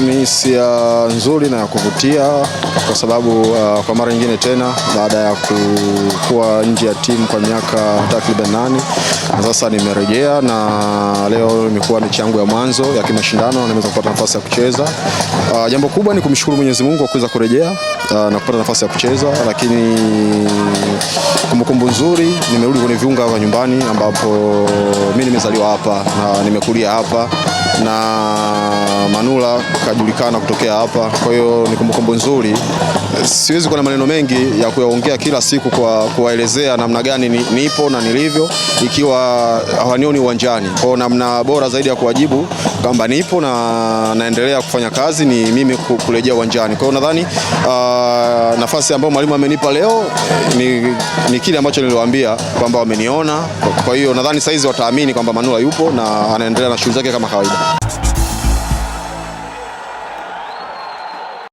Ni hisia nzuri na ya kuvutia kwa sababu uh, kwa mara nyingine tena baada ya kuwa nje ya timu kwa miaka takriban nane na sasa nimerejea, na leo imekuwa mechi yangu ya mwanzo ya kimashindano na nimeweza kupata nafasi ya kucheza. Uh, jambo kubwa ni kumshukuru Mwenyezi Mungu kwa kuweza kurejea uh, na kupata nafasi ya kucheza, lakini kumbukumbu nzuri, nimerudi kwenye viunga vya nyumbani ambapo mimi nimezaliwa hapa na nimekulia hapa na Manula kajulikana kutokea hapa, kwa hiyo ni kumbukumbu nzuri. Siwezi kuwa na maneno mengi ya kuyaongea kila siku kwa kuwaelezea namna gani nipo na nilivyo, ikiwa hawanioni uwanjani, kwa namna bora zaidi ya kuwajibu kwamba nipo na naendelea kufanya kazi ni mimi kurejea uwanjani. Kwa hiyo nadhani uh, nafasi ambayo mwalimu amenipa leo ni, ni kile ambacho niliwaambia kwamba wameniona. Kwa hiyo nadhani saizi wataamini kwamba Manula yupo na anaendelea na shughuli zake kama kawaida.